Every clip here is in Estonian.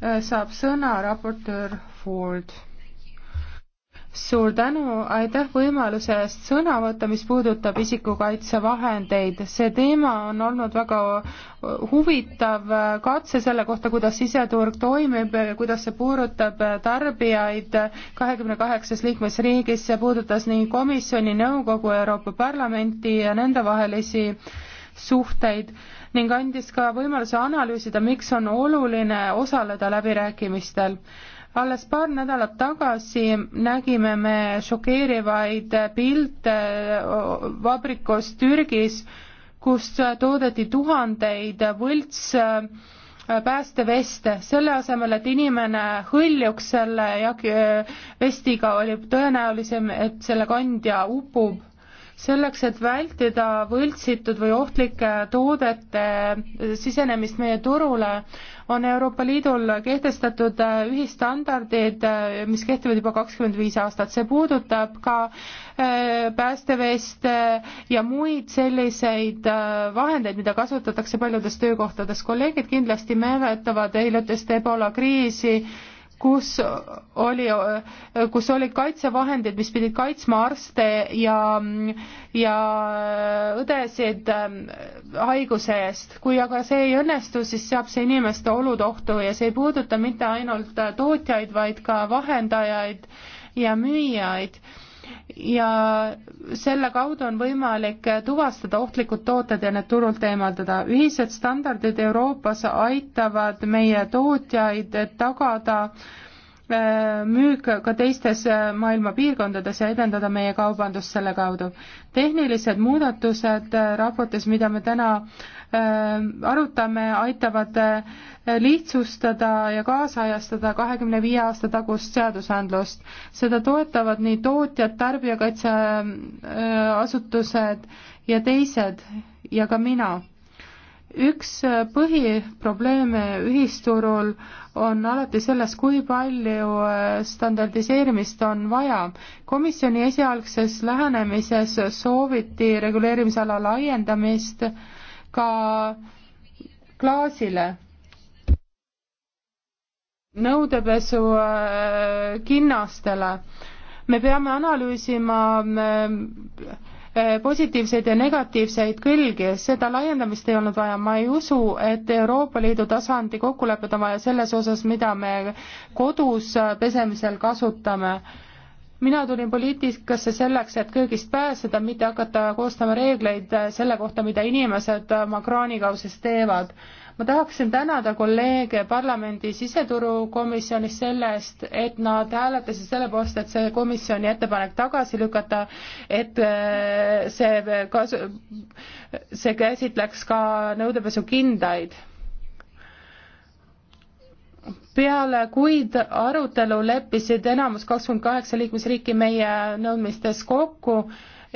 Äh, saab sõna raportöör Ford. suur tänu, aitäh võimaluse eest sõna võtta, mis puudutab isikukaitsevahendeid. see teema on olnud väga huvitav äh, katse selle kohta, kuidas siseturg toimib, äh, kuidas see puudutab tarbijaid kahekümne kaheksas liikmesriigis, see puudutas nii komisjoni, nõukogu, Euroopa Parlamenti ja nendevahelisi suhteid ning andis ka võimaluse analüüsida, miks on oluline osaleda läbirääkimistel. alles paar nädalat tagasi nägime me šokeerivaid pilte vabrikus Türgis, kus toodeti tuhandeid võlts äh, päästeveste, selle asemel, et inimene hõljuks selle äh, vestiga, oli tõenäolisem, et selle kandja upub selleks, et vältida võltsitud või ohtlike toodete sisenemist meie turule, on Euroopa Liidul kehtestatud äh, ühistandardid, äh, mis kehtivad juba kakskümmend viis aastat. see puudutab ka äh, päästeveste ja muid selliseid vahendeid, mida kasutatakse paljudes töökohtades. kolleegid kindlasti mäletavad hiljutist Ebola kriisi kus oli, kus olid kaitsevahendid, mis pidid kaitsma arste ja, ja õdesid ähm, haiguse eest. kui aga see ei õnnestu, siis seab see inimeste olud ohtu ja see ei puuduta mitte ainult tootjaid, vaid ka vahendajaid ja müüjaid ja selle kaudu on võimalik tuvastada ohtlikud tooted ja need turult eemaldada. ühised standardid Euroopas aitavad meie tootjaid tagada äh, müük ka teistes maailma piirkondades ja edendada meie kaubandust selle kaudu. tehnilised muudatused raportis, mida me täna äh, arutame, aitavad äh, lihtsustada ja kaasajastada kahekümne viie aasta tagust seadusandlust. seda toetavad nii tootjad, tarbijakaitseasutused ja teised ja ka mina üks äh, põhiprobleeme ühisturul on alati selles, kui palju äh, standardiseerimist on vaja. komisjoni esialgses lähenemises sooviti reguleerimisala laiendamist ka klaasile nõudepesu äh, kinnastele. me peame analüüsima Eh, positiivseid ja negatiivseid külgi, seda laiendamist ei olnud vaja, ma ei usu, et Euroopa Liidu tasandi kokkulepped on vaja selles osas, mida me kodus pesemisel kasutame. mina tulin poliitikasse selleks, et köögist pääseda, mitte hakata koostama reegleid selle kohta, mida inimesed oma kraanikausas teevad ma tahaksin tänada kolleege parlamendi siseturukomisjonis selle eest, et nad hääletasid selle poolt, et see komisjoni ettepanek tagasi lükata, et äh, see kas-, see käsitleks ka nõudepesukindaid peale kuid arutelu leppisid enamus kakskümmend kaheksa liikmesriiki meie nõudmistes kokku.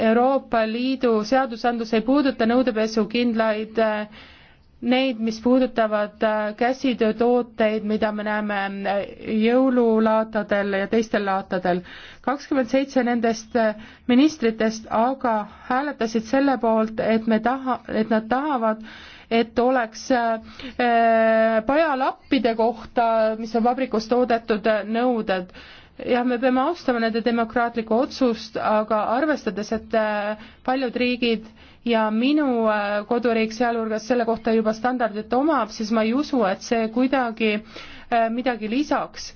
Euroopa Liidu seadusandlus ei puuduta nõudepesu kindlaid äh, neid, mis puudutavad äh, käsitöötooteid, mida me näeme äh, jõululaatadel ja teistel laatadel. kakskümmend seitse nendest äh, ministritest aga hääletasid selle poolt, et me taha, et nad tahavad, et oleks pajalappide kohta, mis on vabrikus toodetud, nõuded jah, me peame austama nende demokraatlikku otsust, aga arvestades, et paljud riigid äh, ja minu äh, koduriik sealhulgas selle kohta juba standardit omab, siis ma ei usu, et see kuidagi äh, midagi lisaks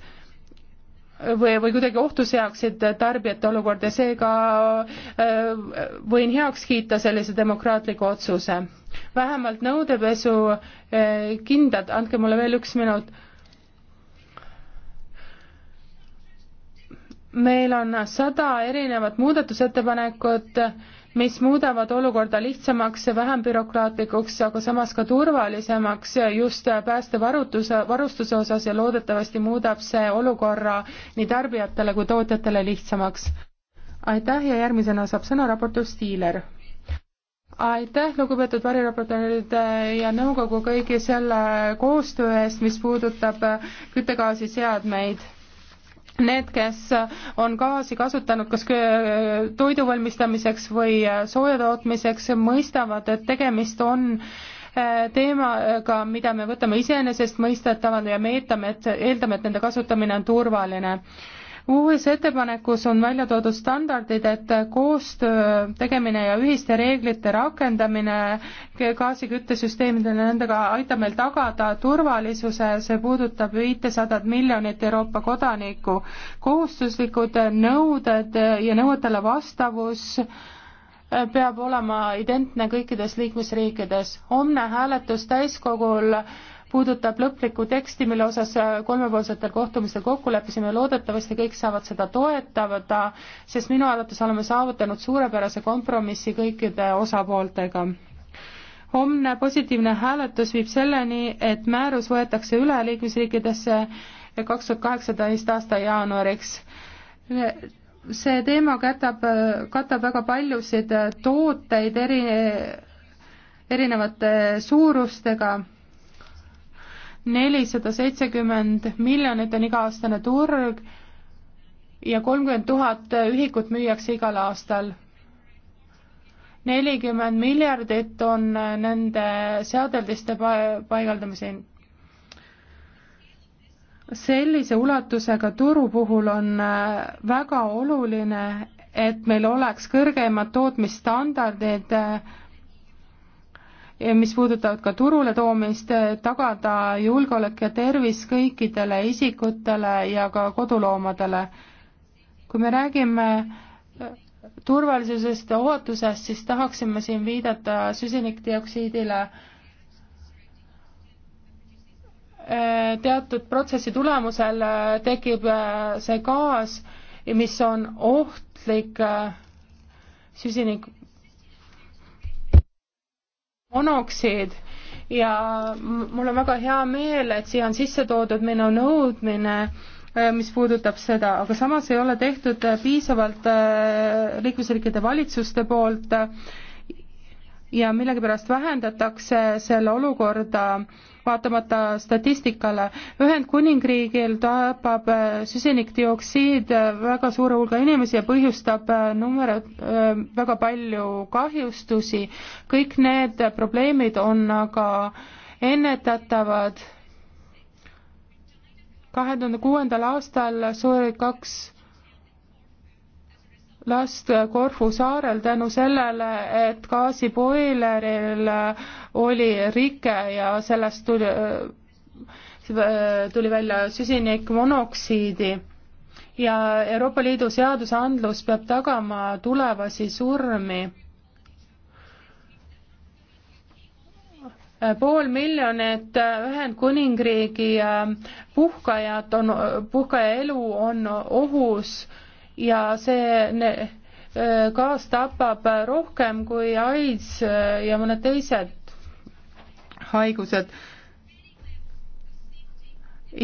või, või kuidagi ohtu seaksid tarbijate olukord ja seega äh, võin heaks kiita sellise demokraatliku otsuse. vähemalt nõudepesu kindad, andke mulle veel üks minut. meil on sada erinevat muudatusettepanekut mis muudavad olukorda lihtsamaks, vähem bürokraatlikuks, aga samas ka turvalisemaks just päästevarutuse, varustuse osas ja loodetavasti muudab see olukorra nii tarbijatele kui tootjatele lihtsamaks. aitäh ja järgmisena saab sõna raportöör Stiiler aitäh, lugupeetud variraportöörid ja nõukogu kõigi selle koostöö eest, mis puudutab küttegaasiseadmeid need, kes on gaasi kasutanud kas toidu valmistamiseks või äh, sooja tootmiseks, mõistavad, et tegemist on äh, teemaga, mida me võtame iseenesestmõistetavana ja me eeldame, et, eeldame, et nende kasutamine on turvaline uues ettepanekus on välja toodud standardid, et koostöö tegemine ja ühiste reeglite rakendamine gaasiküttesüsteemidele, nendega aitab meil tagada turvalisuse, see puudutab viitesadat miljonit Euroopa kodanikku. kohustuslikud nõuded ja nõuetele vastavus peab olema identne kõikides liikmesriikides. homne hääletus täiskogul puudutab lõplikku teksti, mille osas äh, kolmepoolsetel kohtumistel kokku leppisime, loodetavasti kõik saavad seda toetada, sest minu arvates oleme saavutanud suurepärase kompromissi kõikide osapooltega homne positiivne hääletus viib selleni, et määrus võetakse üle liikmesriikidesse kaks tuhat kaheksateist aasta jaanuariks. see teema kätab, katab väga paljusid tooteid eri, erinevate suurustega nelisada seitsekümmend miljonit on iga-aastane turg ja kolmkümmend tuhat ühikut müüakse igal aastal. nelikümmend miljardit on nende seadeldiste paigaldamiseni. sellise ulatusega turu puhul on äh, väga oluline, et meil oleks kõrgemad tootmisstandardid äh, mis puudutavad ka turule toomist, eh, tagada julgeolek ja tervis kõikidele isikutele ja ka koduloomadele. kui me räägime eh, turvalisusest ja ohutusest, siis tahaksime siin viidata süsinikdioksiidile eh, teatud protsessi tulemusel tekib see gaas, mis on ohtlik süsinik monoksid ja mul on väga hea meel, et siia on sisse toodud minu nõudmine, äh, mis puudutab seda, aga samas ei ole tehtud äh, piisavalt äh, liikmesriikide valitsuste poolt ja millegipärast vähendatakse selle olukorda vaatamata statistikale. Ühendkuningriigil tapab äh, süsinikdioksiid äh, väga suure hulga inimesi ja põhjustab äh, number, väga palju kahjustusi. kõik need probleemid on aga ennetatavad. kahe tuhande kuuendal aastal suri kaks last Korfu saarel tänu sellele, et gaasiboileril oli rike ja sellest tuli, tuli välja süsinikmonoksiidi ja Euroopa Liidu seadusandlus peab tagama tulevasi surmi pool miljonit Ühendkuningriigi puhkajat on, puhkaja elu on ohus ja see ne, gaas tapab rohkem kui AIDS ja mõned teised haigused.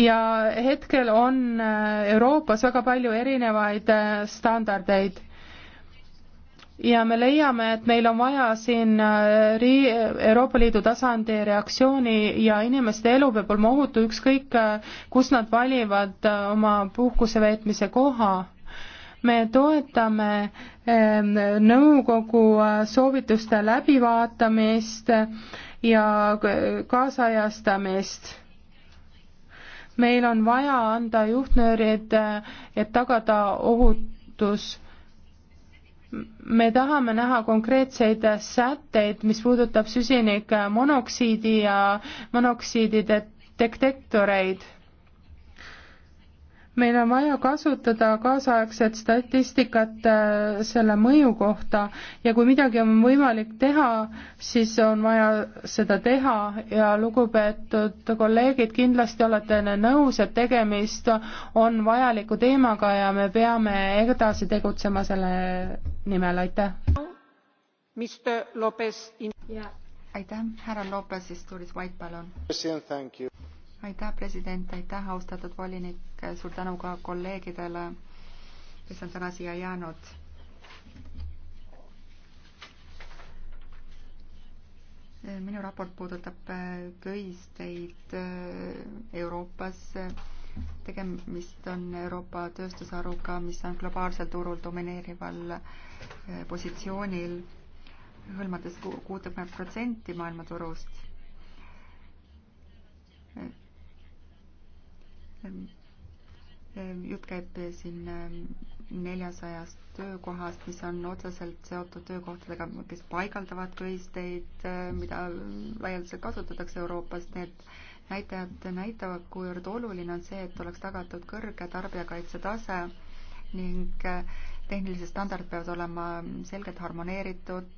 ja hetkel on Euroopas väga palju erinevaid standardeid ja me leiame, et meil on vaja siin rii-, Euroopa Liidu tasandi reaktsiooni ja inimeste elu peab olema ohutu, ükskõik kus nad valivad oma puhkuse veetmise koha me toetame ähm, nõukogu äh, soovituste läbivaatamist ja kaasajastamist meil on vaja anda juhtnöörid, äh, et tagada ohutus. me tahame näha konkreetseid sätteid, mis puudutab süsinikmonoksiidi ja monoksiidi detektoreid meil on vaja kasutada kaasaegset statistikat äh, selle mõju kohta ja kui midagi on võimalik teha, siis on vaja seda teha ja lugupeetud kolleegid, kindlasti olete nõus, et tegemist on vajaliku teemaga ja me peame edasi tegutsema selle nimel, aitäh. aitäh, härra Lopez, siis tuli White, palun aitäh, president, aitäh, austatud volinik, suur tänu ka kolleegidele, kes on täna siia jäänud. minu raport puudutab äh, köisteid äh, Euroopas. tegemist on Euroopa tööstusharuga, mis on globaalsel turul domineerival äh, positsioonil hõlmates kuutekümmet protsenti maailmaturust jutt käib siin neljasajast töökohast, mis on otseselt seotud töökohtadega, kes paigaldavad köisteid, mida laialdaselt kasutatakse Euroopas, need näitajad näitavad, kuivõrd oluline on see, et oleks tagatud kõrge tarbijakaitse tase ning tehnilised standardid peavad olema selgelt harmoneeritud,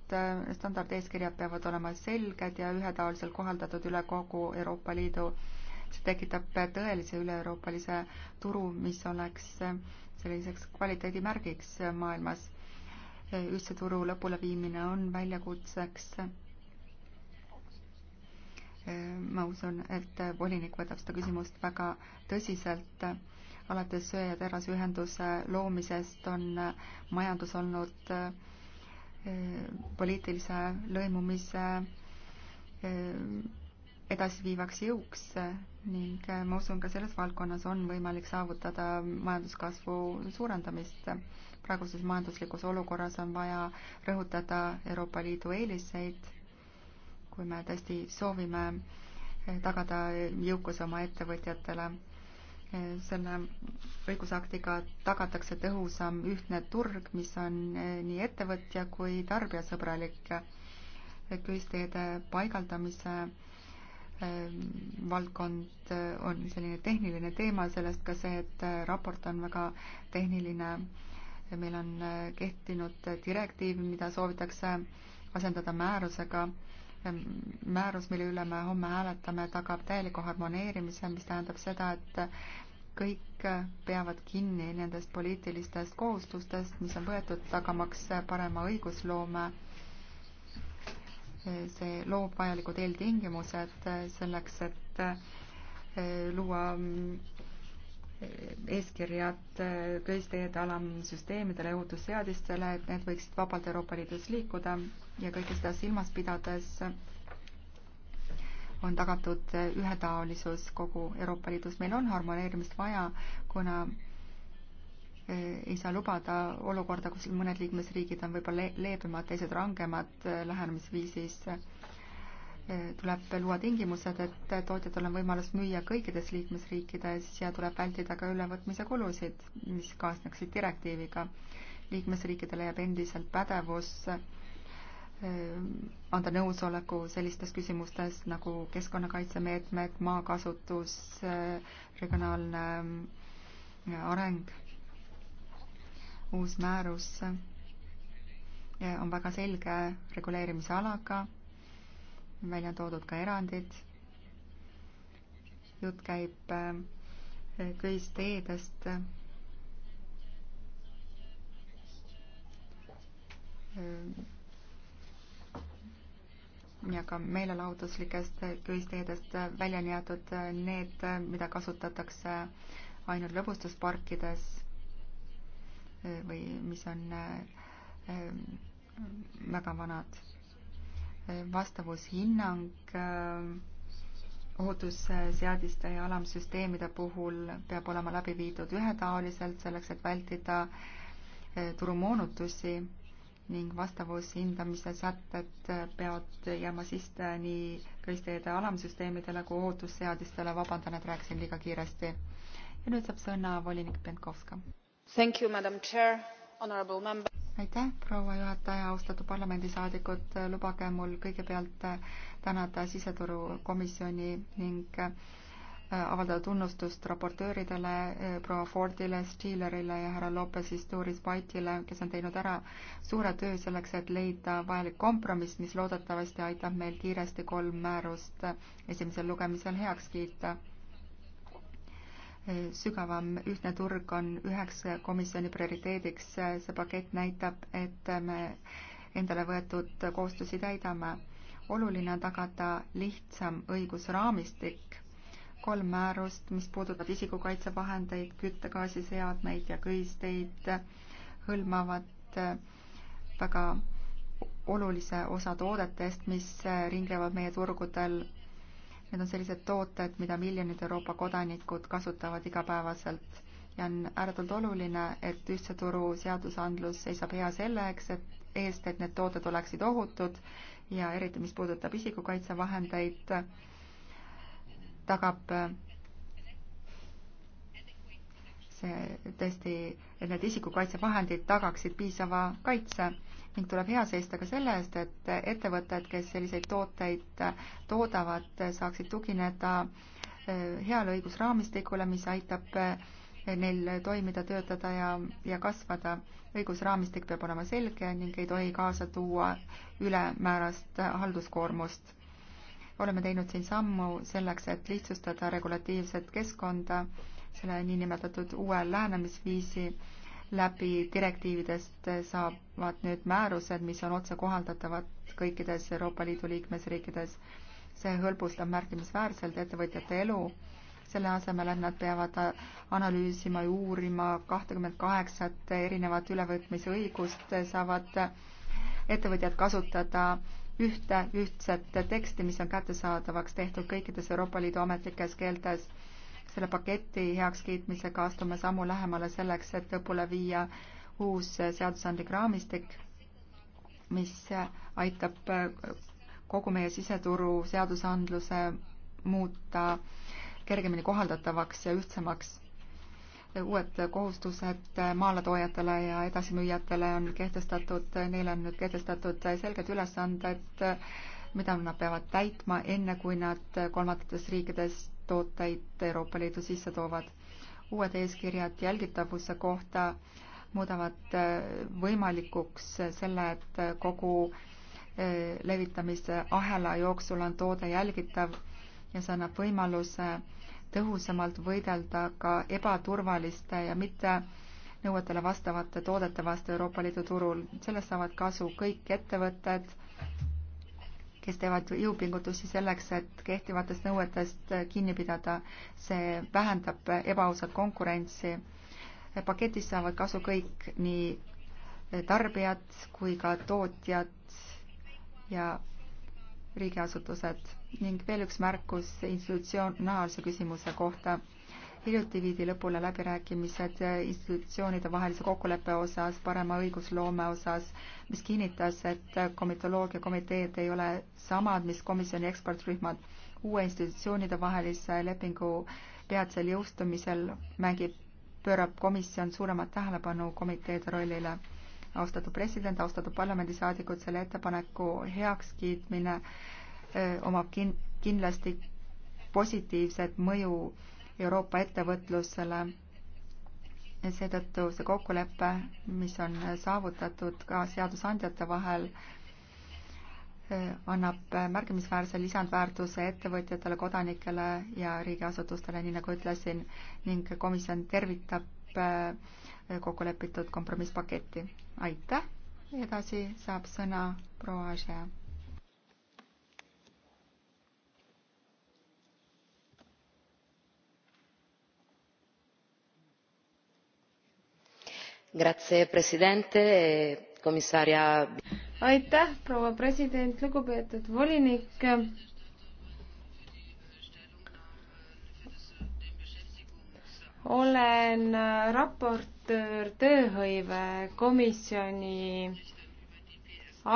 standardeeskirjad peavad olema selged ja ühetaoliselt kohaldatud üle kogu Euroopa Liidu see tekitab tõelise üle-euroopalise turu, mis oleks selliseks kvaliteedimärgiks maailmas. ühtse turu lõpuleviimine on väljakutseks. ma usun, et volinik võtab seda küsimust väga tõsiselt alates söe- ja terraseühenduse loomisest on majandus olnud eh, poliitilise lõimumise eh, edasiviivaks jõuks ning äh, ma usun, ka selles valdkonnas on võimalik saavutada majanduskasvu suurendamist. praeguses majanduslikus olukorras on vaja rõhutada Euroopa Liidu eeliseid, kui me tõesti soovime äh, tagada jõukuse oma ettevõtjatele. Äh, selle õigusaktiga tagatakse tõhusam ühtne turg, mis on nii ettevõtja kui tarbijasõbralik. köisteede paigaldamise Ehm, valdkond eh, on selline tehniline teema, sellest ka see, et eh, raport on väga tehniline. meil on eh, kehtinud direktiiv, mida soovitakse asendada määrusega. Ehm, määrus, mille üle me homme hääletame, tagab täieliku harmoneerimise, mis tähendab seda, et kõik peavad kinni nendest poliitilistest kohustustest, mis on võetud, tagamaks parema õigusloome äh, see loob vajalikud eeltingimused äh, selleks, et äh, luua äh, eeskirjad köisteede alamsüsteemidele ja ohutusseadistele, et need võiksid vabalt Euroopa Liidus liikuda ja kõike seda silmas pidades on tagatud ühetaolisus kogu Euroopa Liidus. meil on harmoneerimist vaja, kuna Eh, ei saa lubada olukorda, kus mõned liikmesriigid on võib-olla leebemad, teised rangemad eh, lähenemisviisis. Eh, tuleb luua tingimused, et tootjatel on võimalus müüa kõikides liikmesriikides ja tuleb vältida ka ülevõtmise kulusid, mis kaasneksid direktiiviga. liikmesriikidele jääb endiselt pädevus anda nõusoleku sellistes küsimustes nagu keskkonnakaitsemeetmed, maakasutus, regionaalne mm, areng uus määrus on väga selge reguleerimisalaga, välja on toodud ka erandid. jutt käib äh, köisteedest. Äh, ja ka meelelahutuslikest köisteedest välja on jäetud äh, need, mida kasutatakse ainult lõbustusparkides Eh, või mis on eh, eh, väga vanad. vastavushinnang ohutusseadiste ja alamsüsteemide puhul peab olema läbi viidud ühetaoliselt, selleks et vältida turumoonutusi ning vastavushindamise sätted peavad jääma sisse nii kõisteede alamsüsteemidele kui ohutusseadistele. vabandan, et rääkisin liiga kiiresti. ja nüüd saab sõna volinik Pentkovska aitäh, proua juhataja, austatud parlamendisaadikud, lubage mul kõigepealt tänada siseturukomisjoni ning äh, avaldada tunnustust raportööridele, äh, proua Fordile, Stihlerile ja härra Lopezist Doris White'ile, kes on teinud ära suure töö selleks, et leida vajalik kompromiss, mis loodetavasti aitab meil kiiresti kolm määrust äh, esimesel lugemisel heaks kiita sügavam ühtne turg on üheks komisjoni prioriteediks. see pakett näitab, et me endale võetud kohustusi täidame. oluline on tagada lihtsam õigusraamistik, kolm määrust, mis puudutab isikukaitsevahendeid, küttegaasiseadmeid ja köisteid, hõlmavad väga olulise osa toodetest, mis ringlevad meie turgudel Need on sellised tooted, mida miljonid Euroopa kodanikud kasutavad igapäevaselt ja on ääretult oluline, et ühtse turu seadusandlus seisab hea selleks, et eest, et need tooted oleksid ohutud ja eriti, mis puudutab isikukaitsevahendeid, tagab see tõesti, et need isikukaitsevahendid tagaksid piisava kaitse ning tuleb hea seista ka selle eest, et ettevõtted, kes selliseid tooteid toodavad, saaksid tugineda äh, heale õigusraamistikule, mis aitab äh, neil toimida, töötada ja, ja kasvada. õigusraamistik peab olema selge ning ei tohi kaasa tuua ülemäärast halduskoormust. oleme teinud siin sammu selleks, et lihtsustada regulatiivset keskkonda, selle niinimetatud uue lähenemisviisi läbi direktiividest saavad nüüd määrused, mis on otsekohaldatavad kõikides Euroopa Liidu liikmesriikides. see hõlbustab märkimisväärselt ettevõtjate elu, selle asemel, et nad peavad analüüsima ja uurima kahtekümmet kaheksat erinevat ülevõtmisõigust, saavad ettevõtjad kasutada ühte ühtset teksti, mis on kättesaadavaks tehtud kõikides Euroopa Liidu ametlikes keeltes selle paketi heakskiitmisega astume sammu lähemale selleks, et lõpule viia uus seadusandlik raamistik, mis aitab kogu meie siseturu seadusandluse muuta kergemini kohaldatavaks ja ühtsemaks. uued kohustused maaletoojatele ja edasimüüjatele on kehtestatud, neile on nüüd kehtestatud selged ülesanded, mida nad peavad täitma, enne kui nad kolmandatest riikidest tooteid Euroopa Liidu sisse toovad. uued eeskirjad jälgitavuse kohta muudavad äh, võimalikuks selle, et kogu äh, levitamise ahela jooksul on toode jälgitav ja see annab võimaluse tõhusamalt võidelda ka ebaturvaliste ja mitte nõuetele vastavate toodete vastu Euroopa Liidu turul. sellest saavad kasu kõik ettevõtted, kes teevad jõupingutusi selleks, et kehtivatest nõuetest kinni pidada. see vähendab ebaausat konkurentsi. paketist saavad kasu kõik, nii tarbijad kui ka tootjad ja riigiasutused ning veel üks märkus institutsionaalse küsimuse kohta hiljuti viidi lõpule läbirääkimised institutsioonide vahelise kokkuleppe osas, parema õigusloome osas, mis kinnitas, et komitoloogia komiteed ei ole samad, mis komisjoni ekspertrühmad. uue institutsioonide vahelise lepingu peatsel jõustumisel mängib, pöörab komisjon suuremat tähelepanu komiteede rollile. austatud president, austatud parlamendisaadikud, selle ettepaneku heakskiitmine omab kin-, kindlasti positiivset mõju Euroopa ettevõtlusele. seetõttu see kokkulepe, mis on saavutatud ka seadusandjate vahel, annab märkimisväärse lisandväärtuse ettevõtjatele, kodanikele ja riigiasutustele, nii nagu ütlesin, ning komisjon tervitab äh, kokkulepitud kompromisspaketti. aitäh, edasi saab sõna proua Ažea aitäh proua president lugupeetud volinik olen raportöör tööhõivekomisjoni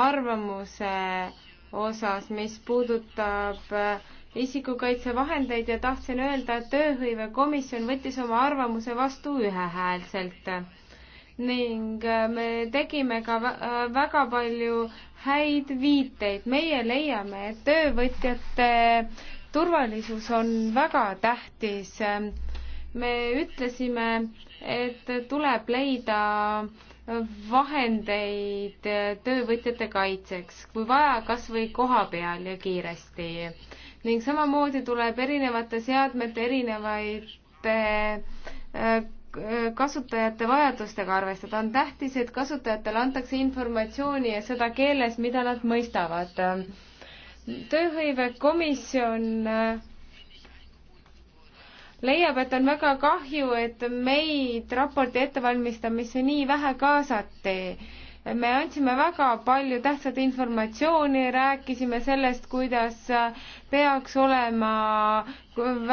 arvamuse osas mis puudutab isikukaitsevahendeid ja tahtsin öelda et tööhõivekomisjon võttis oma arvamuse vastu ühehäälselt ning äh, me tegime ka äh, väga palju häid viiteid. meie leiame, et töövõtjate turvalisus on väga tähtis. me ütlesime, et tuleb leida vahendeid töövõtjate kaitseks, kui vaja, kas või koha peal ja kiiresti. ning samamoodi tuleb erinevate seadmete erinevate äh, kasutajate vajadustega arvestada. on tähtis, et kasutajatele antakse informatsiooni ja seda keeles, mida nad mõistavad. tööhõivekomisjon äh, leiab, et on väga kahju, et meid raporti ettevalmistamisse nii vähe kaasati me andsime väga palju tähtsat informatsiooni, rääkisime sellest, kuidas peaks olema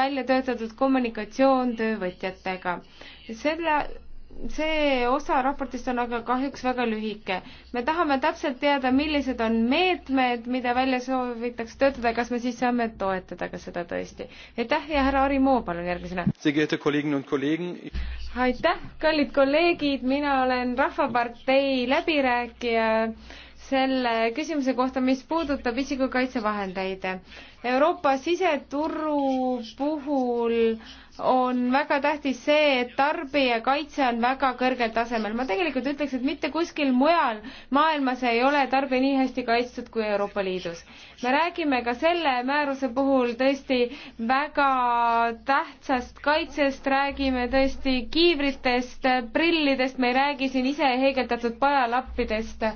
välja töötatud kommunikatsioon töövõtjatega. selle see osa raportist on aga kahjuks väga lühike. me tahame täpselt teada, millised on meetmed, mida välja soovitakse töötada, kas me siis saame toetada ka seda tõesti. aitäh ja härra Ari Moo, palun järgmisena. aitäh, kallid kolleegid, mina olen Rahvapartei läbirääkija selle küsimuse kohta, mis puudutab isikukaitsevahendeid. Euroopa siseturu puhul äh, on väga tähtis see, et tarbijakaitse on väga kõrgel tasemel. ma tegelikult ütleks, et mitte kuskil mujal maailmas ei ole tarbija nii hästi kaitstud kui Euroopa Liidus. me räägime ka selle määruse puhul tõesti väga tähtsast kaitsest, räägime tõesti kiivritest, prillidest, me ei räägi siin ise heegeldatud pajalappidest äh,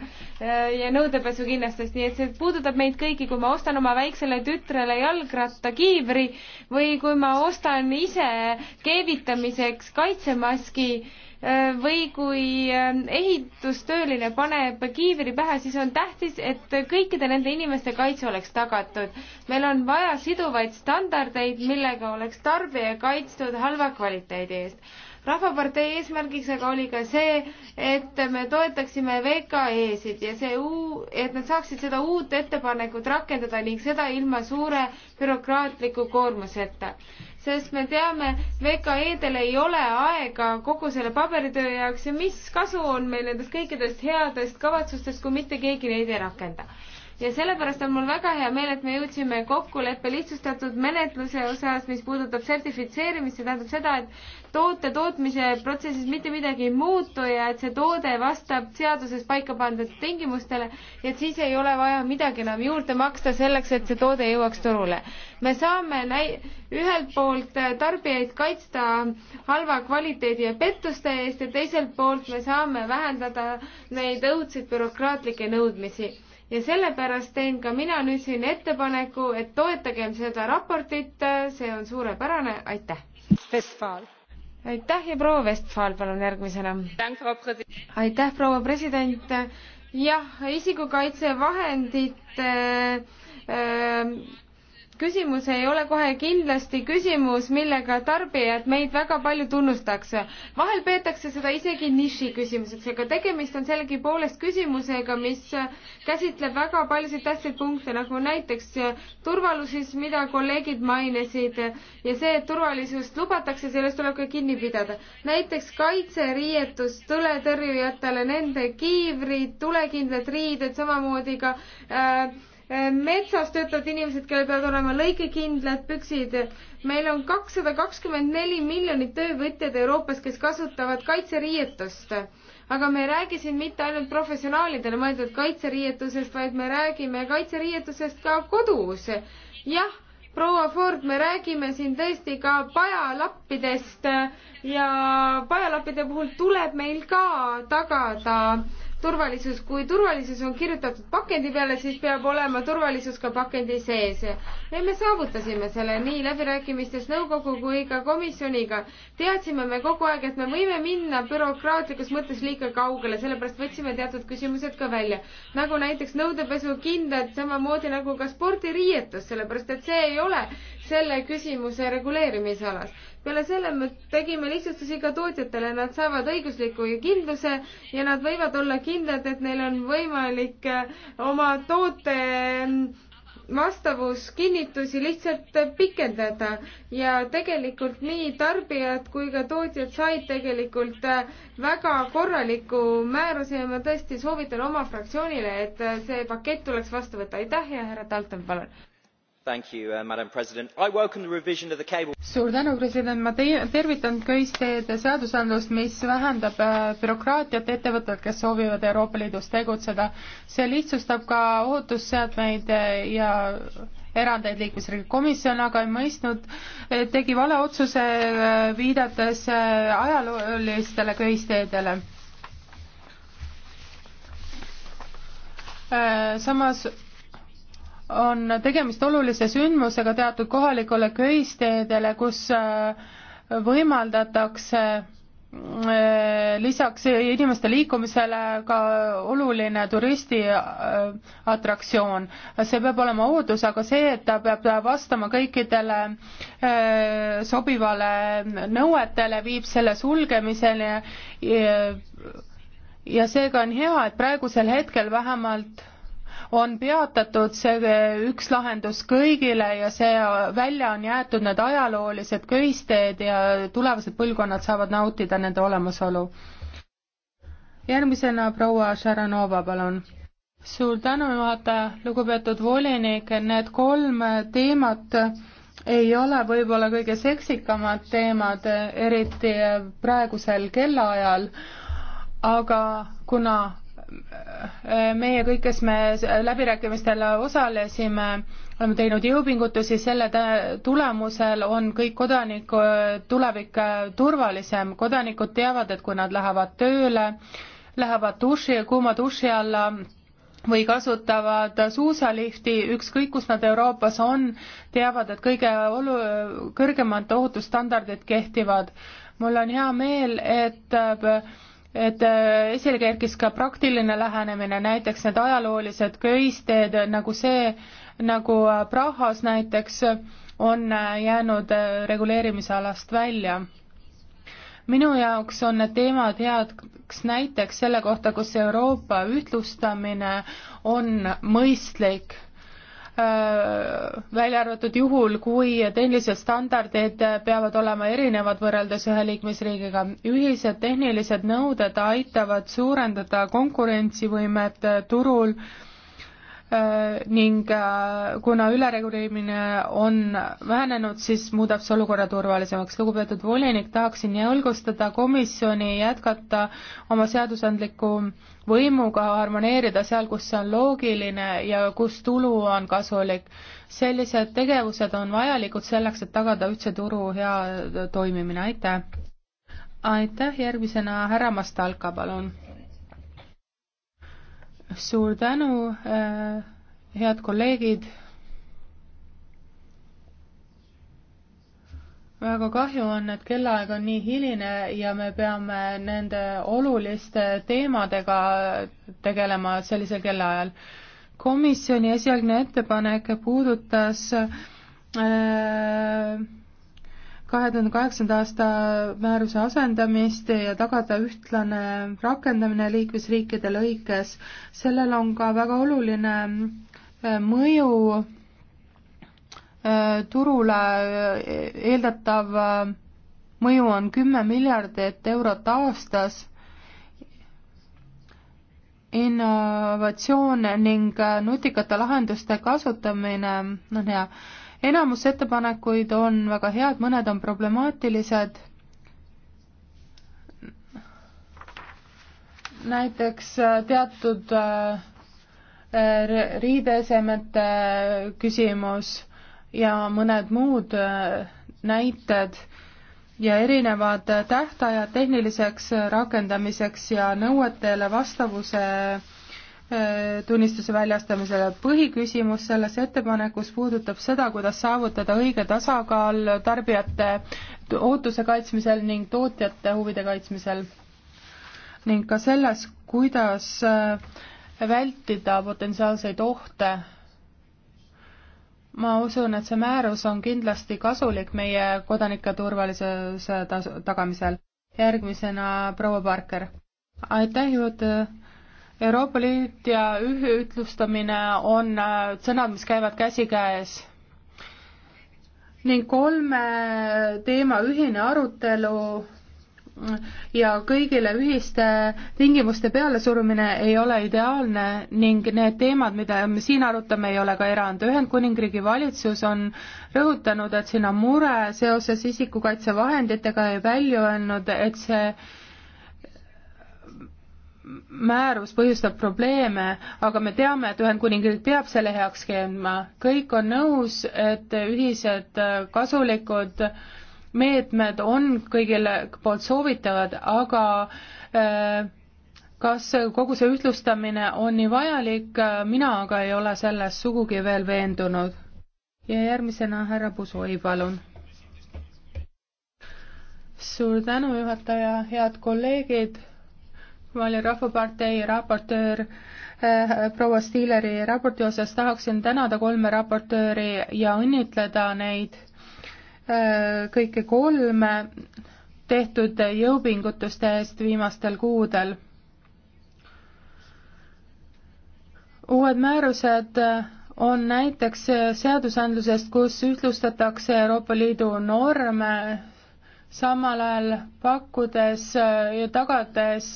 ja nõudepesukindlastest, nii et see puudutab meid kõiki, kui ma ostan oma väiksele tütrele jalgrattakiivri või kui ma ostan ise üle keevitamiseks kaitsemaski äh, või kui äh, ehitustööline paneb kiivri pähe, siis on tähtis, et kõikide nende inimeste kaitse oleks tagatud. meil on vaja siduvaid standardeid, millega oleks tarbija kaitstud halva kvaliteedi eest rahvapartei eesmärgiks aga oli ka see, et me toetaksime VKE-sid ja see uu-, et nad saaksid seda uut ettepanekut rakendada ning seda ilma suure bürokraatliku koormuseta sest me teame, VKE-del ei ole aega kogu selle paberitöö jaoks ja mis kasu on meil nendest kõikidest headest kavatsustest, kui mitte keegi neid ei rakenda ja sellepärast on mul väga hea meel, et me jõudsime kokkuleppe lihtsustatud menetluse osas, mis puudutab sertifitseerimist, see tähendab seda, et toote tootmise protsessis mitte midagi ei muutu ja et see toode vastab seaduses paika pandud tingimustele, et siis ei ole vaja midagi enam juurde maksta selleks, et see toode jõuaks turule. me saame näi-, ühelt poolt äh, tarbijaid kaitsta halva kvaliteedi ja pettuste eest ja teiselt poolt me saame vähendada neid õudseid bürokraatlikke nõudmisi ja sellepärast teen ka mina nüüd siin ettepaneku, et toetagem seda raportit, see on suurepärane, aitäh! aitäh ja proua Vestfaal, palun järgmisena. aitäh, proua president. jah, isikukaitsevahendite äh, äh, küsimus ei ole kohe kindlasti küsimus, millega tarbijad meid väga palju tunnustaks. vahel peetakse seda isegi niši küsimuseks, aga tegemist on sellegipoolest küsimusega, mis käsitleb väga paljusid tähtsaid punkte, nagu näiteks turvalisus, mida kolleegid mainisid ja see, et turvalisust lubatakse, sellest tuleb ka kinni pidada. näiteks kaitseriietus tuletõrjujatele, nende kiivrid, tulekindlad riided, samamoodi ka äh, metsas töötavad inimesed, kellel peavad olema lõikekindlad püksid. meil on kakssada kakskümmend neli miljonit töövõtjad Euroopas, kes kasutavad kaitseriietust. aga me ei räägi siin mitte ainult professionaalidele mõeldud kaitseriietusest, vaid me räägime kaitseriietusest ka kodus. jah, proua Ford, me räägime siin tõesti ka pajalappidest ja pajalappide puhul tuleb meil ka tagada turvalisus, kui turvalisus on kirjutatud pakendi peale, siis peab olema turvalisus ka pakendi sees. ja me saavutasime selle nii läbirääkimistes nõukogu kui ka komisjoniga. teadsime me kogu aeg, et me võime minna bürokraatlikus mõttes liiga kaugele, sellepärast võtsime teatud küsimused ka välja. nagu näiteks nõudepesu kindad, samamoodi nagu ka spordiriietus, sellepärast et see ei ole selle küsimuse reguleerimisalas. peale selle me tegime lihtsustusi ka tootjatele, nad saavad õigusliku kindluse ja nad võivad olla kindlad, et neil on võimalik äh, oma toote ähm, vastavuskinnitusi lihtsalt pikendada ja tegelikult nii tarbijad kui ka tootjad said tegelikult äh, väga korraliku määruse ja ma tõesti soovitan oma fraktsioonile, et äh, see pakett tuleks vastu võtta. aitäh ja härra Dalton, palun! Uh, suur tänu, president, ma teie, tervitan kõik teie seadusandlust, mis vähendab äh, bürokraatiat ettevõtted, kes soovivad Euroopa Liidus tegutseda. see lihtsustab ka ohutusseadmeid äh, ja erandeid liikmesriigi komisjon aga ei mõistnud, tegi vale otsuse, äh, viidates ajaloolistele köisteedele samas on tegemist olulise sündmusega teatud kohalikule köisteedele, kus äh, võimaldatakse äh, lisaks inimeste liikumisele ka oluline turistiatraktsioon. Äh, see peab olema ohutus, aga see, et ta peab vastama kõikidele sobivale nõuetele, viib selle sulgemiseni ja seega on hea, et praegusel hetkel vähemalt on peatatud see üks lahendus kõigile ja see välja on jäetud need ajaloolised köisteed ja tulevased põlvkonnad saavad nautida nende olemasolu. järgmisena proua Šaranova, palun suur tänu, juhataja, lugupeetud volinik, need kolm teemat ei ole võib-olla kõige seksikamad teemad, eriti praegusel kellaajal, aga kuna meie kõik, kes me läbirääkimistel osalesime, oleme teinud jõupingutusi, selle tulemusel on kõik kodaniku tulevik turvalisem, kodanikud teavad, et kui nad lähevad tööle, lähevad duši, kuuma duši alla, või kasutavad suusalifti, ükskõik kus nad Euroopas on, teavad, et kõige olu-, kõrgemad ohutusstandardid kehtivad. mul on hea meel, et äh, et äh, esile kerkis ka praktiline lähenemine, näiteks need ajaloolised köisteed nagu see, nagu äh, Prahas näiteks, on äh, jäänud reguleerimisalast välja. minu jaoks on need teemad heaks näiteks selle kohta, kus Euroopa ühtlustamine on mõistlik Äh, välja arvatud juhul, kui tehnilised standardid peavad olema erinevad võrreldes ühe liikmesriigiga. ühised tehnilised nõuded aitavad suurendada konkurentsivõimet turul Äh, ning äh, kuna ülereguleerimine on vähenenud, siis muudab see olukorra turvalisemaks. lugupeetud volinik, tahaksin julgustada komisjoni jätkata oma seadusandliku võimuga harmoneerida seal, kus see on loogiline ja kus tulu on kasulik. sellised tegevused on vajalikud selleks, et tagada ühtse turu hea toimimine, aitäh! aitäh, järgmisena härra Mastalka, palun! suur tänu, äh, head kolleegid. väga kahju on, et kellaaeg on nii hiline ja me peame nende oluliste teemadega tegelema sellisel kellaajal. komisjoni esialgne ettepanek puudutas äh, kahe tuhande kaheksanda aasta määruse asendamist ja tagada ühtlane rakendamine liikmesriikide lõikes. sellel on ka väga oluline äh, mõju äh, turule äh, eeldatav mõju on kümme miljardit eurot aastas. innovatsioon ning nutikate lahenduste kasutamine, noh ja enamus ettepanekuid on väga head, mõned on problemaatilised. näiteks äh, teatud äh, riideesemete küsimus ja mõned muud äh, näited ja erinevad tähtajad tehniliseks rakendamiseks ja nõuetele vastavuse Äh, tunnistuse väljastamisele. põhiküsimus selles ettepanekus puudutab seda, kuidas saavutada õige tasakaal tarbijate ootuse kaitsmisel ning tootjate huvide kaitsmisel ning ka selles, kuidas äh, vältida potentsiaalseid ohte. ma usun, et see määrus on kindlasti kasulik meie kodanike turvalisuse tagamisel. järgmisena proua Parker. aitäh, juhataja Euroopa Liit ja ühtlustamine on äh, sõnad, mis käivad käsikäes ning kolme teema ühine arutelu ja kõigile ühiste tingimuste pealesurumine ei ole ideaalne ning need teemad, mida me siin arutame, ei ole ka erand. Ühendkuningriigi valitsus on rõhutanud, et siin on mure seoses isikukaitsevahenditega ja välja öelnud, et see määrus põhjustab probleeme, aga me teame, et Ühendkuningriik peab selle heaks keelma. kõik on nõus, et ühised kasulikud meetmed on kõigile poolt soovitavad, aga äh, kas kogu see ühtlustamine on nii vajalik, mina aga ei ole selles sugugi veel veendunud. ja järgmisena härra Pusoi, palun suur tänu, juhataja, head kolleegid, ma olin Rahvapartei raportöör eh, proua Stiileri raporti osas, tahaksin tänada kolme raportööri ja õnnitleda neid eh, kõiki kolme tehtud jõupingutuste eest viimastel kuudel. uued määrused on näiteks seadusandlusest, kus ühtlustatakse Euroopa Liidu norme, samal ajal pakkudes ja tagades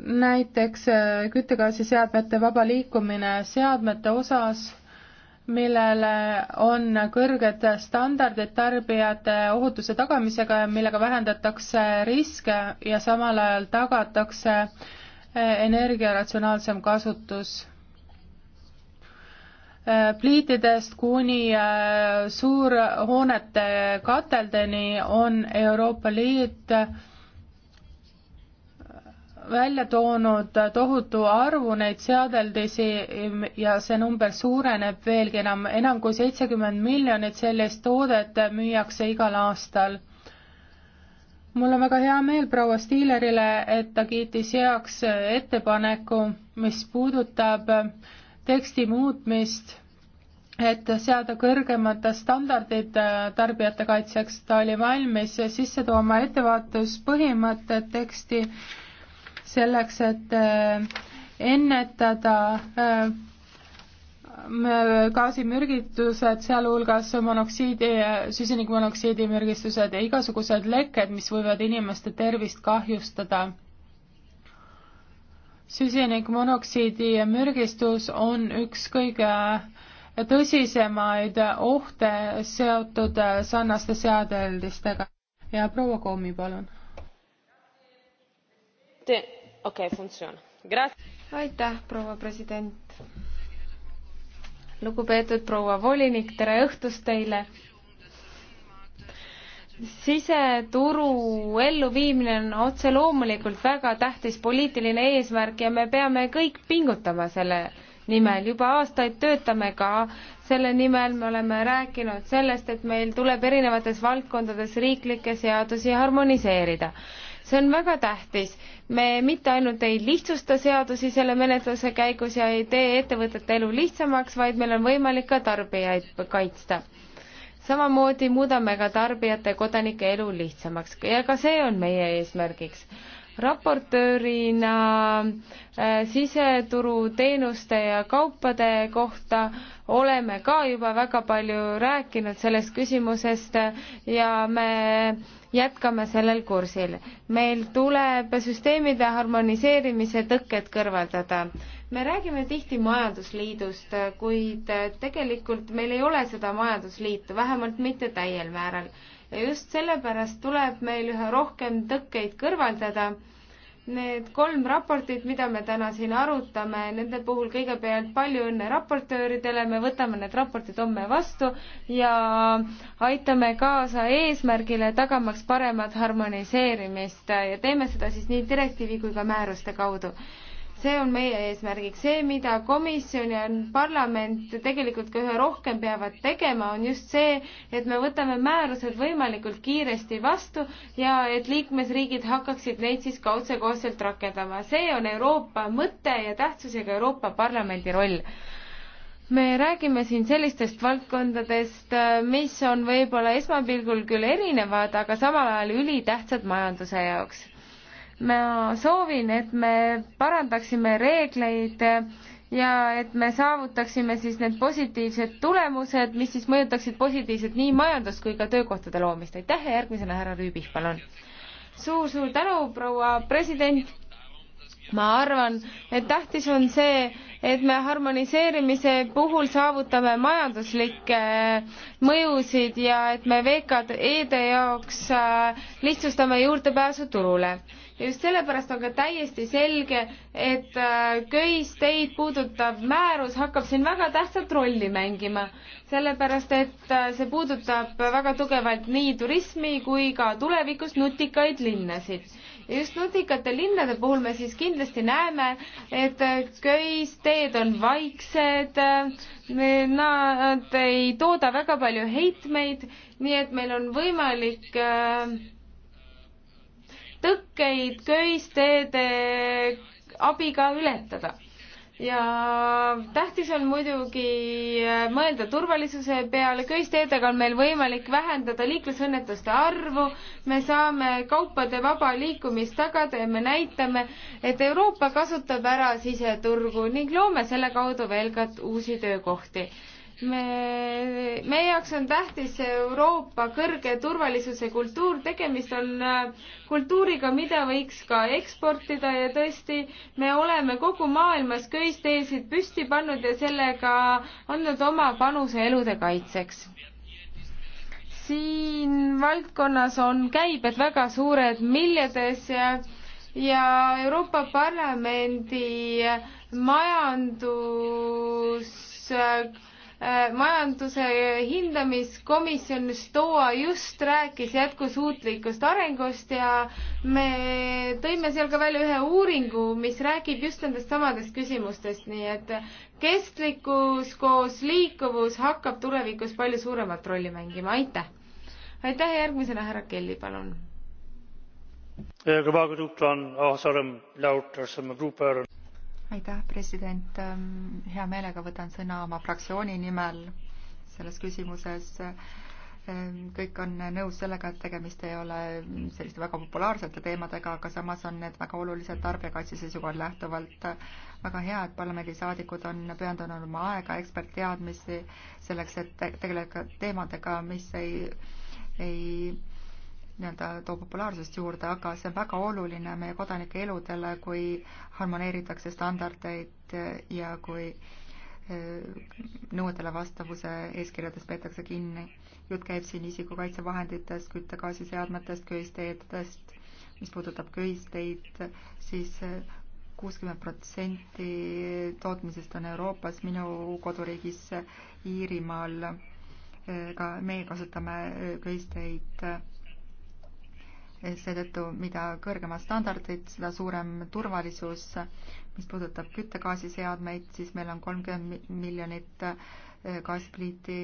näiteks äh, küttegaasiseadmete vaba liikumine seadmete osas, millele on kõrged standardid tarbijate ohutuse tagamisega, millega vähendatakse riske ja samal ajal tagatakse äh, energia ratsionaalsem kasutus. Äh, pliitidest kuni suurhoonete kateldeni on Euroopa Liit välja toonud tohutu arvu neid seadeldisi ja see number suureneb veelgi enam, enam kui seitsekümmend miljonit sellist toodet müüakse igal aastal. mul on väga hea meel proua Stiilerile, et ta kiitis heaks ettepaneku, mis puudutab teksti muutmist, et seada kõrgemad standardid tarbijate kaitseks, ta oli valmis sisse tooma ettevaatuspõhimõtted teksti selleks, et äh, ennetada äh, gaasimürgitused, sealhulgas monoksiidi, süsinikmonoksiidi mürgistused ja igasugused lekked, mis võivad inimeste tervist kahjustada. süsinikmonoksiidi mürgistus on üks kõige tõsisemaid ohte seotud äh, sarnaste seadeldistega. ja proua Koomi, palun. Te okei okay,, funktsioon. aitäh, proua president. lugupeetud proua volinik, tere õhtust teile siseturu elluviimine on otse loomulikult väga tähtis poliitiline eesmärk ja me peame kõik pingutama selle nimel, juba aastaid töötame ka selle nimel, me oleme rääkinud sellest, et meil tuleb erinevates valdkondades riiklikke seadusi harmoniseerida see on väga tähtis. me mitte ainult ei lihtsusta seadusi selle menetluse käigus ja ei tee ettevõtete elu lihtsamaks, vaid meil on võimalik ka tarbijaid kaitsta. samamoodi muudame ka tarbijate ja kodanike elu lihtsamaks ja ka see on meie eesmärgiks raportöörina äh, siseturuteenuste ja kaupade kohta oleme ka juba väga palju rääkinud sellest küsimusest ja me jätkame sellel kursil. meil tuleb süsteemide harmoniseerimise tõkked kõrvaldada. me räägime tihti majandusliidust, kuid tegelikult meil ei ole seda majandusliitu, vähemalt mitte täiel määral ja just sellepärast tuleb meil üha rohkem tõkkeid kõrvaldada. Need kolm raportit, mida me täna siin arutame, nende puhul kõigepealt palju õnne raportööridele, me võtame need raportid homme vastu ja aitame kaasa eesmärgile tagamaks paremat harmoniseerimist ja teeme seda siis nii direktiivi kui ka määruste kaudu see on meie eesmärgiks. see, mida komisjon ja parlament tegelikult ka üha rohkem peavad tegema, on just see, et me võtame määrused võimalikult kiiresti vastu ja et liikmesriigid hakkaksid neid siis ka otsekoheselt rakendama. see on Euroopa mõte ja tähtsusega Euroopa Parlamendi roll me räägime siin sellistest valdkondadest, mis on võib-olla esmapilgul küll erinevad, aga samal ajal ülitähtsad majanduse jaoks ma soovin, et me parandaksime reegleid ja et me saavutaksime siis need positiivsed tulemused, mis siis mõjutaksid positiivselt nii majandust kui ka töökohtade loomist. aitäh ja järgmisena härra Rüübih, palun suur,. suur-suur tänu, proua president ma arvan, et tähtis on see, et me harmoniseerimise puhul saavutame majanduslikke mõjusid ja et me VKE-de jaoks lihtsustame juurdepääsu turule ja just sellepärast on ka täiesti selge, et äh, köisteid puudutav määrus hakkab siin väga tähtsat rolli mängima, sellepärast et äh, see puudutab väga tugevalt nii turismi kui ka tulevikus nutikaid linnasid. ja just nutikate linnade puhul me siis kindlasti näeme, et äh, köisteed on vaiksed, nad ei tooda väga palju heitmeid, nii et meil on võimalik äh, tõkkeid köisteede abiga ületada ja tähtis on muidugi äh, mõelda turvalisuse peale, köisteedega on meil võimalik vähendada liiklusõnnetuste arvu, me saame kaupade vaba liikumist tagada ja me näitame, et Euroopa kasutab ära siseturgu ning loome selle kaudu veel ka uusi töökohti me, meie jaoks on tähtis Euroopa kõrge turvalisuse kultuur, tegemist on äh, kultuuriga, mida võiks ka eksportida ja tõesti, me oleme kogu maailmas köisteesid püsti pannud ja sellega andnud oma panuse elude kaitseks. siin valdkonnas on käibed väga suured miljades ja ja Euroopa Parlamendi majandus äh, Äh, majanduse hindamiskomisjon STOA just rääkis jätkusuutlikust arengust ja me tõime seal ka välja ühe uuringu, mis räägib just nendest samadest küsimustest, nii et kestlikkus koos liikuvus hakkab tulevikus palju suuremat rolli mängima, aitäh! aitäh ja järgmisena härra Kelly, palun! Äh, aitäh, president, ähm, hea meelega võtan sõna oma fraktsiooni nimel selles küsimuses. Ähm, kõik on nõus sellega, et tegemist ei ole selliste väga populaarsete teemadega, aga samas on need väga olulised tarbijakaitse seisukohalt lähtuvalt. väga hea, et parlamendisaadikud on pühendunud oma aega, ekspertteadmisi selleks, et tegeleda teemadega, mis ei, ei nii-öelda too populaarsust juurde, aga see on väga oluline meie kodanike eludele, kui harmoneeritakse standardeid ja kui eh, nõuetele vastavuse eeskirjadest peetakse kinni. jutt käib siin isikukaitsevahenditest, küttegaasiseadmetest, köisteedest, mis puudutab köisteid, siis kuuskümmend protsenti tootmisest on Euroopas, minu koduriigis Iirimaal ka meie kasutame köisteid seetõttu, mida kõrgemad standardid, seda suurem turvalisus. mis puudutab küttegaasiseadmeid, siis meil on kolmkümmend miljonit äh, gaaspliiti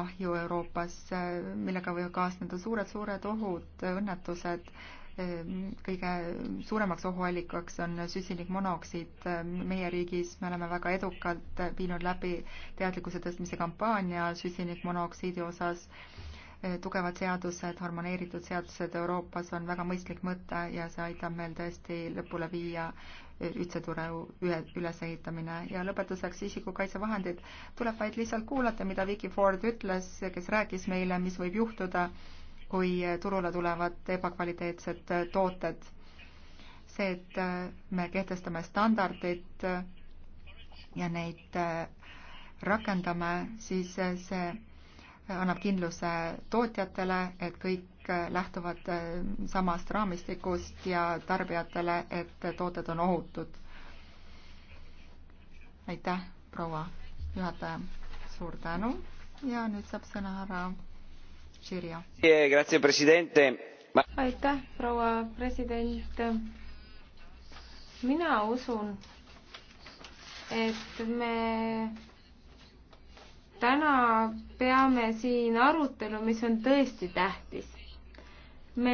ahju Euroopas, äh, millega võivad kaasneda suured-suured ohud, õnnetused. Äh, kõige suuremaks ohuallikaks on süsinikmonoksiid. meie riigis me oleme väga edukalt viinud läbi teadlikkuse tõstmise kampaania süsinikmonoksiidi osas Eh, tugevad seadused, harmoneeritud seadused Euroopas on väga mõistlik mõte ja see aitab meil tõesti lõpule viia eh, ühtse turu ühe, ülesehitamine. ja lõpetuseks isikukaitsevahendid. tuleb vaid lihtsalt kuulata, mida Vicky Ford ütles, kes rääkis meile, mis võib juhtuda, kui turule tulevad ebakvaliteetsed eh, tooted. see, et me kehtestame standardid ja neid rakendame, siis see annab kindluse tootjatele, et kõik lähtuvad äh, samast raamistikust ja tarbijatele, et tooted on ohutud. aitäh, proua juhataja, suur tänu ja nüüd saab sõna härra Žirja. aitäh, proua president. mina usun, et me täna peame siin arutelu, mis on tõesti tähtis. me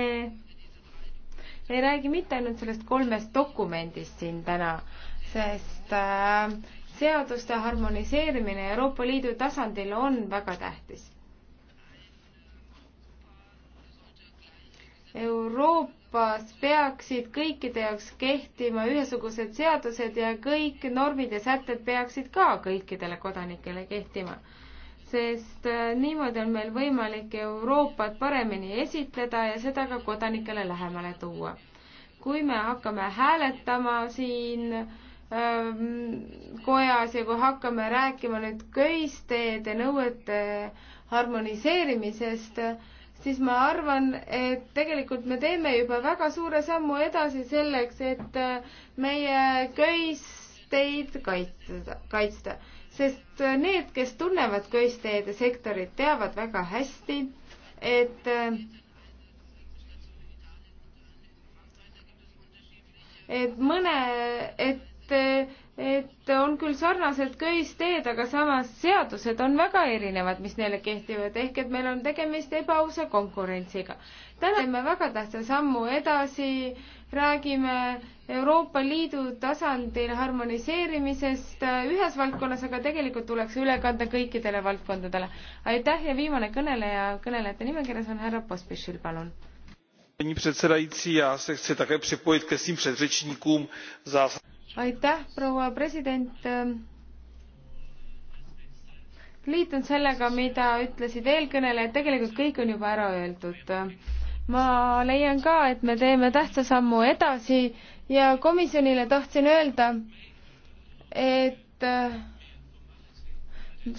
ei räägi mitte ainult sellest kolmest dokumendist siin täna, sest äh, seaduste harmoniseerimine Euroopa Liidu tasandil on väga tähtis. Euroopa Euroopas peaksid kõikide jaoks kehtima ühesugused seadused ja kõik normid ja sätted peaksid ka kõikidele kodanikele kehtima. sest äh, niimoodi on meil võimalik Euroopat paremini esitleda ja seda ka kodanikele lähemale tuua. kui me hakkame hääletama siin ähm, kojas ja kui hakkame rääkima nüüd köisteede nõuete harmoniseerimisest, siis ma arvan, et tegelikult me teeme juba väga suure sammu edasi selleks, et äh, meie köisteid kaitsta, kaitsta. sest äh, need, kes tunnevad köisteede sektorit, teavad väga hästi, et äh, et mõne, et et on küll sarnased köisteed, aga samas seadused on väga erinevad, mis neile kehtivad, ehk et meil on tegemist ebaausa konkurentsiga. täna teeme väga tähtsa sammu edasi, räägime Euroopa Liidu tasandil harmoniseerimisest ühes valdkonnas, aga tegelikult tuleks üle kanda kõikidele valdkondadele. aitäh ja viimane kõneleja kõnelejate nimekirjas on härra Pospišil, palun paní předsedající já se chci také připojit ke svým předřečníkům za aitäh, proua president. Ähm, liitun sellega, mida ütlesid eelkõnelejad, tegelikult kõik on juba ära öeldud. ma leian ka, et me teeme tähtsa sammu edasi ja komisjonile tahtsin öelda, et äh,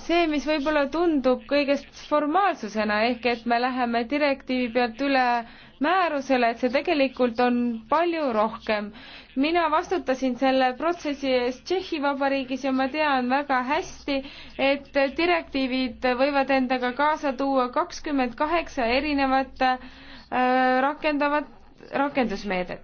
see, mis võib-olla tundub kõigest formaalsusena, ehk et me läheme direktiivi pealt üle määrusele, et see tegelikult on palju rohkem. mina vastutasin selle protsessi eest Tšehhi Vabariigis ja ma tean väga hästi, et direktiivid võivad endaga kaasa tuua kakskümmend kaheksa erinevat äh, rakendavat, rakendusmeedet.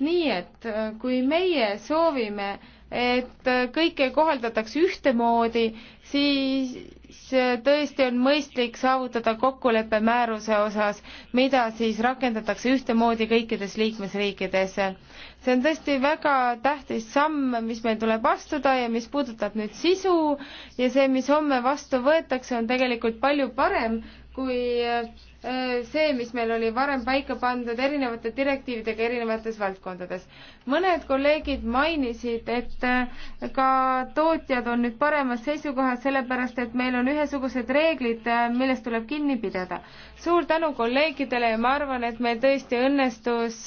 nii et äh, kui meie soovime, et kõike kohaldatakse ühtemoodi, siis see tõesti on mõistlik saavutada kokkulepe määruse osas, mida siis rakendatakse ühtemoodi kõikides liikmesriikides. see on tõesti väga tähtis samm, mis meil tuleb astuda ja mis puudutab nüüd sisu ja see, mis homme vastu võetakse, on tegelikult palju parem kui äh, see, mis meil oli varem paika pandud erinevate direktiividega erinevates valdkondades. mõned kolleegid mainisid, et äh, ka tootjad on nüüd paremas seisukohas, sellepärast et meil on ühesugused reeglid, äh, millest tuleb kinni pidada. suur tänu kolleegidele ja ma arvan, et meil tõesti õnnestus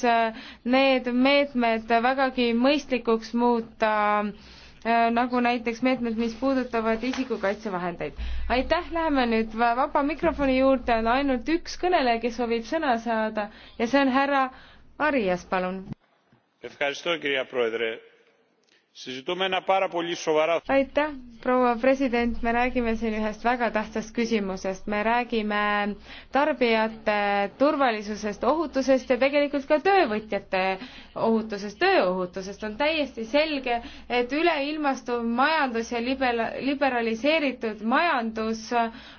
need meetmed vägagi mõistlikuks muuta äh, Äh, nagu näiteks meetmed, mis puudutavad isikukaitsevahendeid. aitäh, läheme nüüd vaba mikrofoni juurde, on ainult üks kõneleja, kes soovib sõna saada ja see on härra Arias, palun aitäh, proua president, me räägime siin ühest väga tähtsast küsimusest, me räägime tarbijate turvalisusest, ohutusest ja tegelikult ka töövõtjate ohutusest, tööohutusest. on täiesti selge, et üleilmastuv majandus ja liber-, liberaliseeritud majandus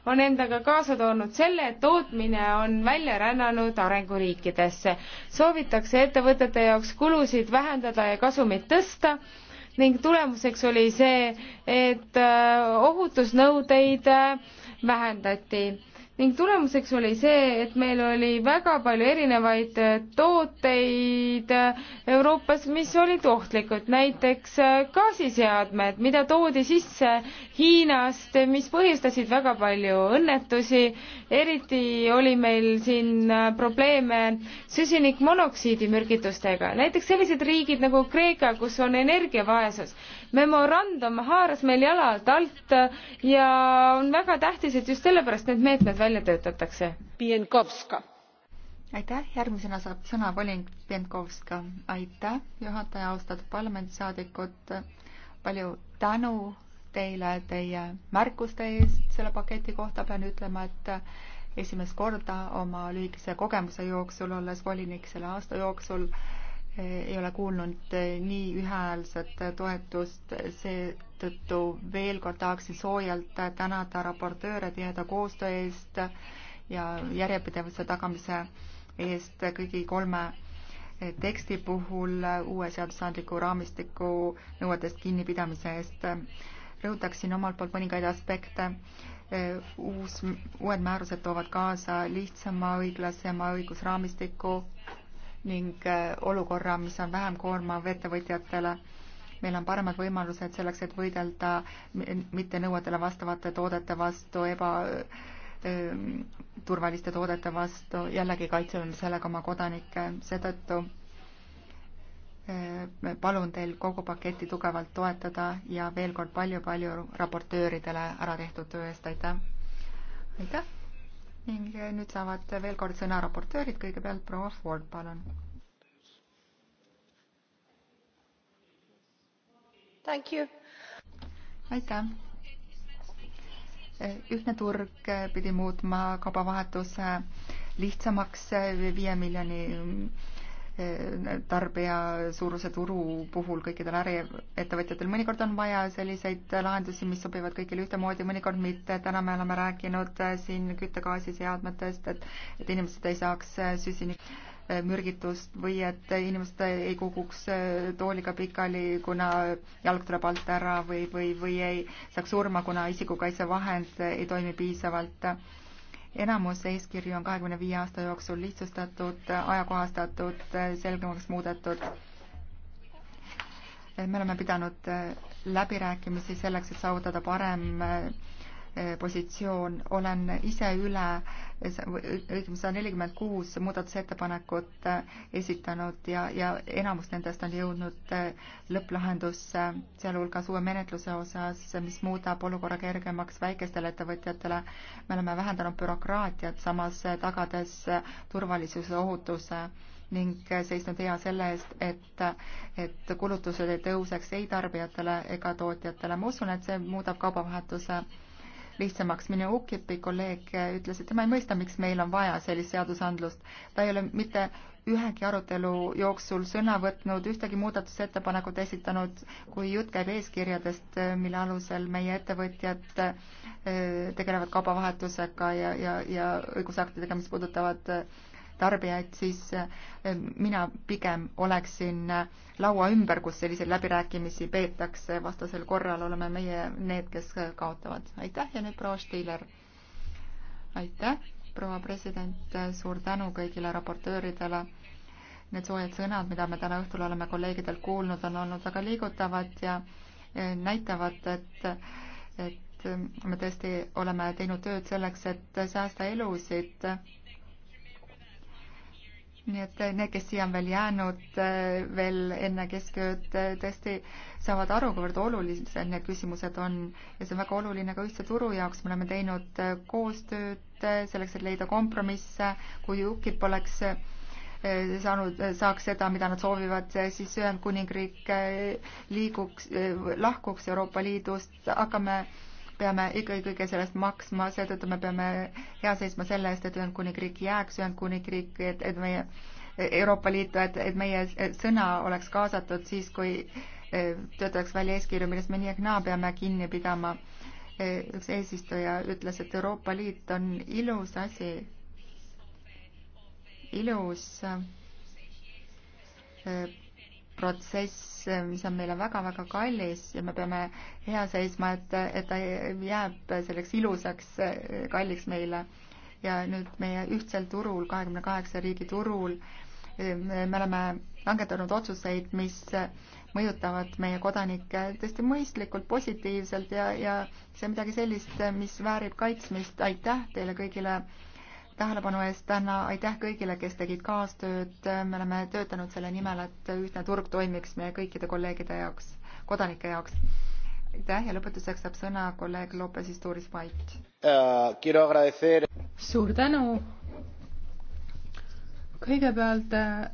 on endaga kaasa toonud selle, et tootmine on välja rännanud arenguriikidesse. soovitakse ettevõtete jaoks kulusid vähendada ja kasumit tõsta ning tulemuseks oli see, et äh, ohutusnõudeid äh, vähendati ning tulemuseks oli see, et meil oli väga palju erinevaid äh, tooteid äh, Euroopas, mis olid ohtlikud, näiteks äh, gaasiseadmed, mida toodi sisse Hiinast, mis põhjustasid väga palju õnnetusi, eriti oli meil siin probleeme süsinikmonoksiidi mürgitustega, näiteks sellised riigid nagu Kreeka, kus on energiavaesus memorandum haaras meil jalad alt ja on väga tähtis, et just sellepärast need meetmed välja töötatakse. aitäh, järgmisena saab sõna volinik Pienkovska. aitäh, juhataja, austatud parlamendisaadikud, palju tänu teile teie märkuste eest selle paketi kohta, pean ütlema, et esimest korda oma lühikese kogemuse jooksul, olles volinik selle aasta jooksul, ei ole kuulnud eh, nii ühehäälset toetust, seetõttu veel kord tahaksin soojalt tänada raportööre tiheda koostöö eest ja järjepidevuse tagamise eest kõigi kolme eh, teksti puhul uue seadusandliku raamistiku nõuetest kinnipidamise eest. rõhutaksin omalt poolt mõningaid aspekte. Eh, uus, uued määrused toovad kaasa lihtsama, õiglasema õigusraamistiku ning äh, olukorra, mis on vähem koormav ettevõtjatele. meil on paremad võimalused selleks, et võidelda mitte nõuetele vastavate toodete vastu, ebaturvaliste ähm, toodete vastu, jällegi kaitseme sellega oma kodanikke, seetõttu äh, palun teil kogu paketi tugevalt toetada ja veel kord palju-palju raportööridele ära tehtud töö eest, aitäh! aitäh! ning eh, nüüd saavad veel kord sõna raportöörid, kõigepealt proua Ford, palun. aitäh. Eh, ühtne turg eh, pidi muutma kaubavahetuse lihtsamaks viie miljoni mm, tarbija suuruse turu puhul kõikidel äriettevõtjatel. mõnikord on vaja selliseid lahendusi, mis sobivad kõigile ühtemoodi, mõnikord mitte. täna me oleme rääkinud siin küttegaasiseadmetest, et, et inimesed ei saaks süsinikmürgitust või et inimesed ei kukuks tooliga pikali, kuna jalg tuleb alt ära või, või, või ei saaks surma, kuna isikukaitsevahend ei toimi piisavalt enamus eeskirju on kahekümne viie aasta jooksul lihtsustatud, ajakohastatud, selgemaks muudetud. me oleme pidanud läbirääkimisi selleks, et saavutada parem Eh, positsioon, olen ise üle, ütleme sada nelikümmend kuus muudatusettepanekut eh, esitanud ja, ja enamus nendest on jõudnud eh, lõpplahendusse, sealhulgas uue menetluse osas, mis muudab olukorra kergemaks väikestele ettevõtjatele. me oleme vähendanud bürokraatiat, samas tagades turvalisuse, ohutuse ning seisnud hea selle eest, et, et kulutused ei tõuseks ei tarbijatele ega tootjatele. ma usun, et see muudab kaubavahetuse lihtsamaks. minu UKIP-i kolleeg ütles, et tema ei mõista, miks meil on vaja sellist seadusandlust. ta ei ole mitte ühegi arutelu jooksul sõna võtnud, ühtegi muudatusettepanekut esitanud, kui jutt käib eeskirjadest, mille alusel meie ettevõtjad eh, tegelevad kaubavahetusega ja, ja, ja õigusaktidega, mis puudutavad eh, tarbijaid, siis eh, mina pigem oleksin eh, laua ümber, kus selliseid läbirääkimisi peetakse, vastasel korral oleme meie need, kes kaotavad. aitäh ja nüüd proua Stiiler. aitäh, proua president, suur tänu kõigile raportööridele need soojad sõnad, mida me täna õhtul oleme kolleegidelt kuulnud, on olnud väga liigutavad ja eh, näitavad, et, et me tõesti oleme teinud tööd selleks, et säästa elusid nii et need, kes siia on veel jäänud eh, veel enne keskööd, eh, tõesti saavad aru, kuivõrd olulised need küsimused on ja see on väga oluline ka ühtse turu jaoks, me oleme teinud eh, koostööd selleks, et leida kompromisse, kui UKIP oleks saanud, saaks seda, mida nad soovivad, siis Ühendkuningriik liiguks, lahkuks Euroopa Liidust, hakkame peame ikkagi kõige sellest maksma, seetõttu me peame hea seisma selle eest, et Ühendkuningriik jääks Ühendkuningriik, et, et meie Euroopa Liitu, et, et meie sõna oleks kaasatud siis, kui e, töötaks välja eeskirju, millest me nii ehk naa peame kinni pidama. E, üks eesistuja ütles, et Euroopa Liit on ilus asi, ilus e, protsess, mis on meile väga-väga kallis ja me peame hea seisma, et, et ta jääb selleks ilusaks, kalliks meile. ja nüüd meie ühtsel turul, kahekümne kaheksa riigi turul, me oleme langetanud otsuseid, mis mõjutavad meie kodanikke tõesti mõistlikult, positiivselt ja, ja see on midagi sellist, mis väärib kaitsmist. aitäh teile kõigile tähelepanu eest, Anna, aitäh kõigile, kes tegid kaastööd, me oleme töötanud selle nimel, et ühtne turg toimiks meie kõikide kolleegide jaoks, kodanike jaoks. aitäh ja lõpetuseks saab sõna kolleeg Lopez Isturis Vait uh,. suur tänu. kõigepealt äh,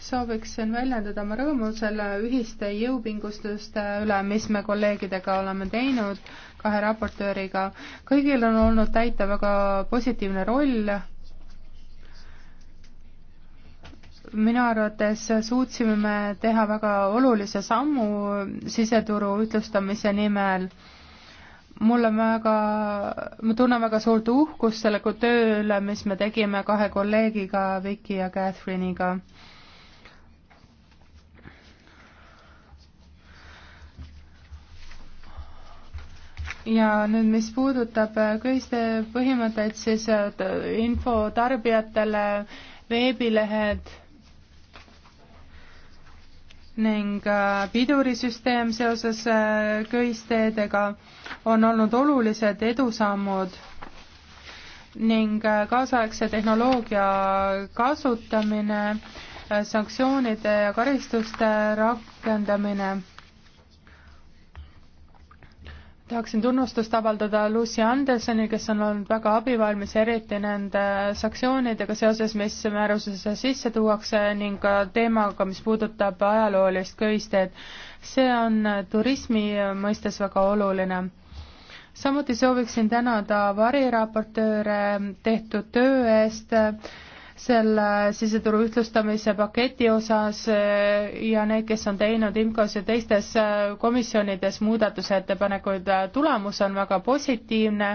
sooviksin väljendada oma rõõmu selle ühiste jõupingustuste üle, mis me kolleegidega oleme teinud, kahe raportööriga. kõigil on olnud täita väga positiivne roll. minu arvates suutsime me teha väga olulise sammu siseturu ühtlustamise nimel mul on väga, ma tunnen väga suurt uhkust selle töö üle, mis me tegime kahe kolleegiga, Viki ja Catherine'iga ja nüüd, mis puudutab äh, kõiste põhimõtteid, siis äh, info tarbijatele, veebilehed ning äh, pidurisüsteem seoses köisteedega on olnud olulised edusammud ning kaasaegse tehnoloogia kasutamine, sanktsioonide ja karistuste rakendamine tahaksin tunnustust avaldada Lucy Andersoni, kes on olnud väga abivalmis, eriti nende sanktsioonidega seoses, mis määrusesse sisse tuuakse ning ka teemaga, mis puudutab ajaloolist köisteed. see on turismi mõistes väga oluline. samuti sooviksin tänada variraportööre tehtud töö eest selle siseturu ühtlustamise paketi osas eh, ja need, kes on teinud IMCO-s ja teistes eh, komisjonides muudatusettepanekuid, eh, tulemus on väga positiivne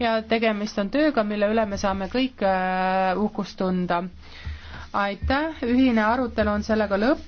ja tegemist on tööga, mille üle me saame kõik uhkust tunda. aitäh, ühine arutelu on sellega lõppenud.